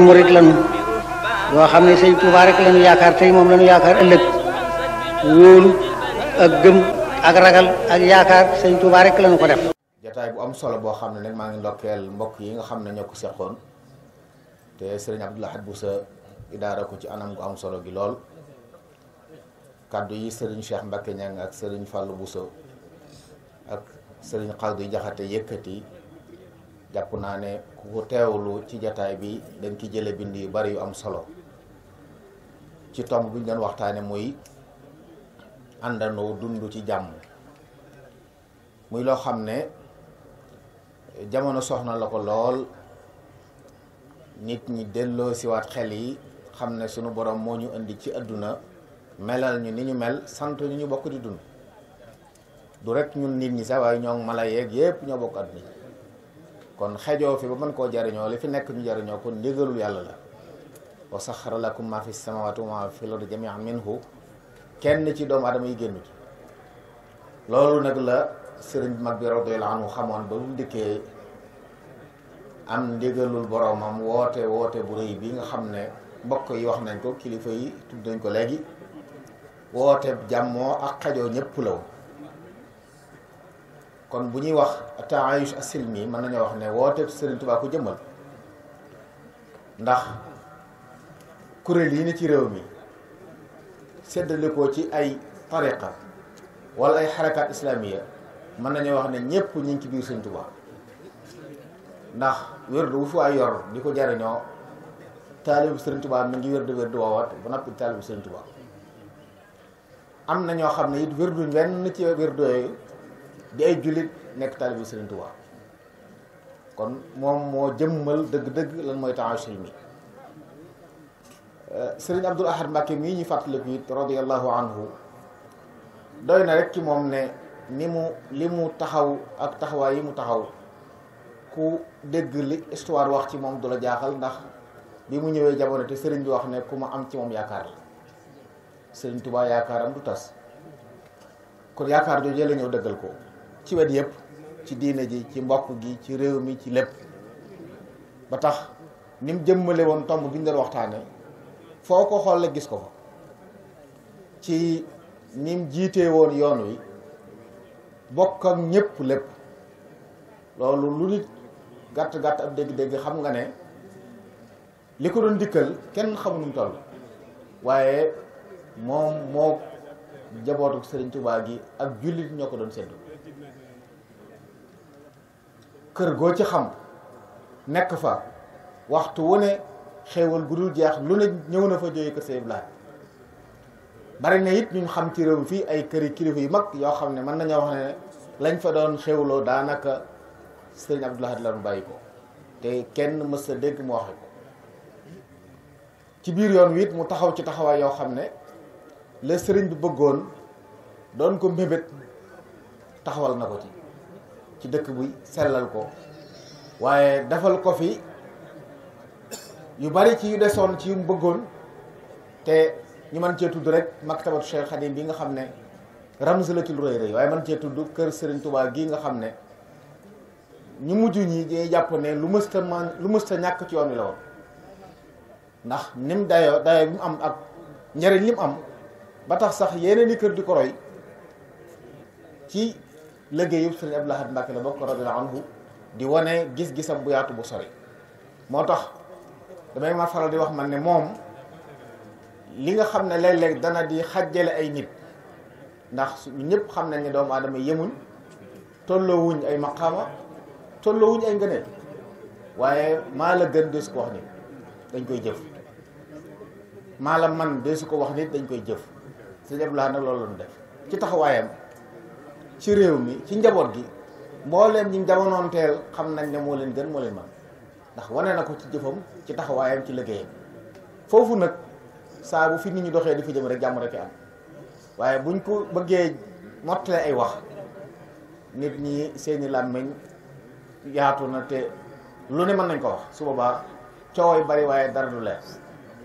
ay murit yoo xam ne sëñ Tuubaa rek lañu yaakaar tey moom lañu yaakaar ëllëg wóolu ak gëm ak ragal ak yaakaar sëñ Tuubaa rek lañu ko def. jataay bu am solo boo xam ne nag maa ngi ndokkeel mbokk yi nga xam ne ñoo ko seqoon te sëriñ Abdou Lahad Bousso idaara ko ci anam gu am solo gi lool kaddu yi sëriñ Cheikh Mbacke Niang ak sëriñ Fallou Bousso ak sëriñ Khady Diakhaté yëkkati. jàpp naa ne ku ko teewlu ci jataay bi dañ ci jële bind yu bari yu am solo ci tomb bi ñu doon waxtaanee muy àndandoo dund ci jàmm muy loo xam ne jamono soxna la ko lool nit ñi delloo siwaat xel yi xam ne sunu borom moo ñu indi ci àdduna melal ñu ni ñu mel sant ñu ñu bokk di dund du rek ñun nit ñi sax waaye ñoo mala yeeg yépp ñoo bokk àdduna kon xejoo fi ba mën koo jariñoo li fi nekk ñu jariñoo kon ndigalul yàlla la wa saxara lakum ma fi samawati wa ma fi l-ardi jamian minhu kenn ci doomu adama yi génn ci loolu nag la sëriñ mag bi radiyallahu anhu xamoon ba mu dikkee am ndigalul boromam woote woote bu rëy bi nga xam ne mbokk yi wax nañ ko kilifa yi tudd nañ ko léegi woote jàmmoo ak xajoo ñépp law kon bu ñuy wax taayus asilmi mën nañoo wax ne woote Sëriñ Tuubaa ko jëmmal ndax kuréel yi ni ci réew mi séddale ko ci ay tariqa wala ay xarakaat islamiya mën nañoo wax ne ñëpp ñu ngi ci biir Sëriñ Tuubaa ndax wérdu wu fa yor ni ko jariñoo taalibu Sëriñ Tuubaa mi ngi wérdu wérdu woowaat ba noppi taalibu Sëriñ Tuubaa am na ñoo xam ne it wérduñ wenn ci wérdu yooyu di ay jullit nekk taalibu Sëriñ Tuubaa kon moom moo jëmmal dëgg-dëgg lan mooy taxaw si mi euh, Sëriñ Abdul Ahad Mbàkke mii ñu fàttaliku it radiyallahu anhu doy na rek ci moom ne ni mu li mu taxaw ak taxawaay yi mu taxaw ku dégg li histoire wax ci moom du la jaaxal ndax bi mu ñëwee jamono te sëriñ bi wax ne ku ma am ci moom yaakaar la sëriñ Tuubaa yaakaaram du tas kon yaakaar jooju la ñëw dëggal ko ci wet yëpp ci diine ji ci mbokk gi ci réew mi ci lépp ba tax ni mu jëmmale woon tomb bi ñu doon waxtaane foo ko xool la gis ko fa ci ni mu jiitee woon yoon wi bokk ñépp lépp loolu lu nit gàtt-gàtt ab dégg-dégg xam nga ne li ko doon dikkal kenn xamu nu toll waaye moom moo jabootu Sëriñ Tuubaa gi ak jullit ñoo ko doon seddu kër goo ci xam nekk fa waxtu wu ne xéewal gu dul jeex lu ne ñëw na fa jógee kër Sëñ bari na it ñun xam ci réew mi fii ay këri kilifa yu mag yoo xam ne mën nañoo wax ne lañ fa doon xéewloo daanaka sëriñ Abdou Lahad la bàyyi ko te kenn mës dégg mu waxe ko ci biir yoon wi it mu taxaw ci taxawaay yoo xam ne la sëriñ bi bëggoon doon ko mbébét taxawal na ko ci ci dëkk bi sellal ko waaye defal ko fi yu bari ci yu desoon ci yu mu bëggoon te ñu man cee tudd rek maktabatu Cheikh Khadim bi nga xam ne ramz la ci lu rëy rëy waaye mën cee tudd kër sëriñ Touba gii nga xam ne ñu mujj ñi day jàpp ne lu mësta man lu mësta ñàkk ci yoon wi la woon ndax nim dayo dayo bi mu am ak njëriñ li mu am ba tax sax yeneen i kër di koroy ci liggéey yëpp sëriñ Abdou Lahad Mbacke la bokk radiyallahu anhu di wane gis-gisam bu yaatu bu sori moo tax damay ma faral di wax man ne moom li nga xam ne léeg-léeg dana di xajjale ay nit ndax su ñëpp xam nañ ne doom aadama yemuñ tolloowuñ ay maqaama tolloowuñ ay ngëneel waaye maa la gën deesu ko wax nit dañ koy jëf maa la man deesu ko wax nit dañ koy jëf sëriñ Abdou Lahad nag loolu def ci taxawaayam. ci réew mi ci njaboot gi mbooleem ñi jamonoonteel xam nañ ne moo leen gën moo leen man ndax wane na ko ci jëfam ci taxawaayam ci liggéeyam foofu nag saa bu fi nit ñi doxee di fi jëm rek jàmm rek fi am waaye buñ ko bëggee mottale ay wax nit ñi seeni làmmiñ yaatu na te lu ne mën nañ ko wax su boobaa coow bari waaye dara du leer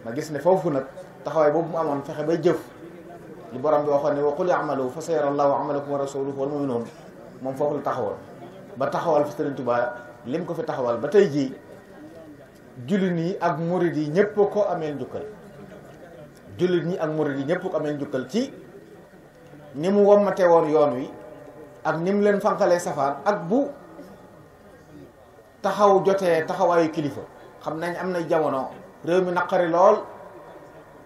ma gis ne foofu nag taxawaay boobu mu amoon fexe bay jëf li borom bi waxoon ne wa qul i'malu fa sayara Allahu amalakum wa rasuluhu wal mu'minun moom foo la taxawoon ba taxawal fi Sëriñ lim ko fi taxawal ba tey jii jullit ñi ak murid yi ñëpp ko amee njukkal jullit ñi ak murid yi ñëpp ko amee njukkal ci ni mu wommate woon yoon wi ak ni mu leen fanqalee safaan ak bu taxaw jotee taxawaayu kilifa xam nañ am na jamono réew mi naqari lool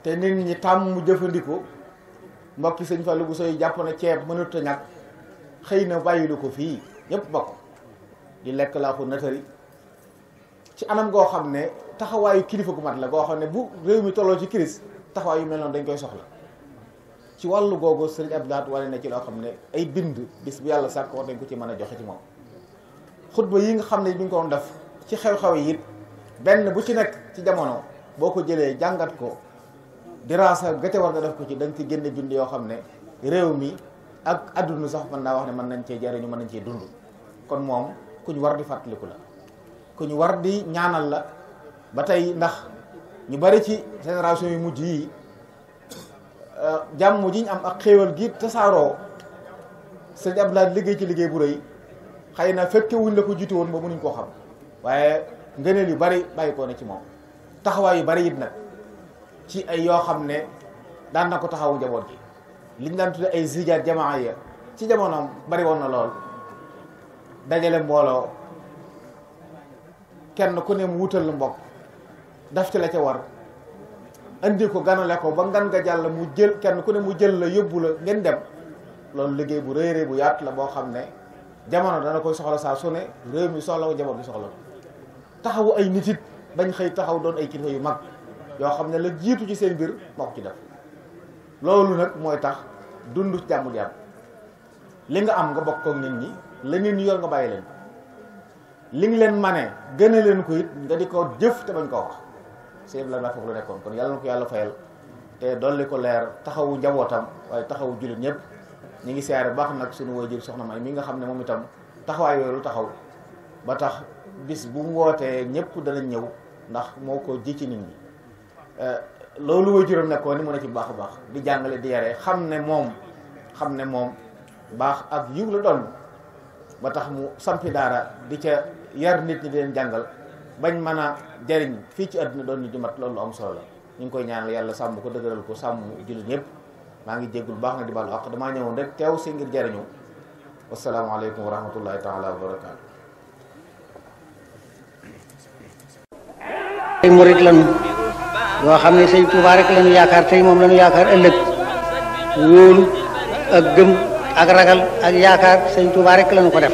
te nit ñi tàmm mu jëfandikoo mbokki sëñ Fallou Bousso yi jàpp na ceeb mënut a ñàkk xëy na bàyyilu ko fii ñëpp bokk di lekk laa ko natari ci anam goo xam ne taxawaayu kilifa gu mat la goo xam ne bu réew mi tolloo ci crise taxawaay yu mel noonu dañ koy soxla ci wàll googu sëriñ Abdou Lahad wane na ci loo xam ne ay bind bis bu yàlla sàkk war nañ ko ci mën a joxe ci moom xutba yi nga xam ne bi ñu ko doon def ci xew-xew yi it benn bu ci nekk ci jamono boo ko jëlee jàngat ko dirasa gate war nga def ko ci dañ nga ci génne bind yoo xam ne réew mi ak adduna sax mën naa wax ne mën nañ cee jariñu mën nañ cee dund kon moom ku ñu war di fàttaliku la ku ñu war di ñaanal la ba tey ndax ñu bari ci génération yu mujj yi euh, jàmm ji ñu am ak xéewal gi tasaaroo sëñ Abdoulaye liggéey ci liggéey bu rëy xëy na fekkewuñ wuñ la ko jiitu woon ba mënuñ koo xam waaye ngëneel yu bari bàyyi ko na ci moom taxawaay yu bari it nag ci ay yoo xam ne daan na ko taxawu njaboot gi liñ daan tudde ay zijaat jamaa ya ci jamonoom bari woon na lool dajale mbooloo kenn ku ne mu wutal lu mbokk daf ci la ca war indi ko ganale ko ba ngan nga jàll mu jël kenn ku ne mu jël la yóbbu la ngeen dem loolu liggéey bu rëy rëy bu yaatu la boo xam ne jamono dana koy soxla saa su ne réew mi soxla ko jamono bi soxla taxawu ay nit it bañ xëy taxaw doon ay kilifa yu mag yoo xam ne la jiitu ci seen biir moo ko ci def loolu nag mooy tax dund jàmm jàmm li nga am nga bokk ak nit ñi la nit ñi nga bàyyi leen li nga leen manee gën a leen ko it nga di ko jëf te bañ koo wax sëñ la naa foofu la nekkoon kon yàlla na ko yàlla fayal te dolli ko leer taxawu njabootam waaye taxawu jullit ñëpp ñu ngi siyaare baax nag suñu waajur soxna May mi nga xam ne moom itam taxawaay yooyu lu taxaw ba tax bis bu mu wootee ñëpp danañ ñëw ndax moo ko ji ci nit ñi Euh, loolu way juróom nekkoon ni mu ne ci baax a baax di jàngale di yare xam ne moom xam ne moom baax ak yiw la doon ba tax mu sampi daara di ca yar nit ñi di jàngal bañ mën a jariñ fii ci àdduna doon ñu jumat loolu am solo la ñu ngi koy ñaanal yàlla sàmm ko dëgëral ko sàmm jullit ñëpp maa ngi jéggul baax na di baal àq damaa ñëwoon rek teew si ngir jariñu wasalaamaaleykum wa rahmatullahi taala wa barakaatu ay yoo xam ne sëñ Touba rek la ñu yaakaar tey moom la ñu yaakaar ëllëg wóolu ak gëm ak yaakaar sëñ Touba rek la ko def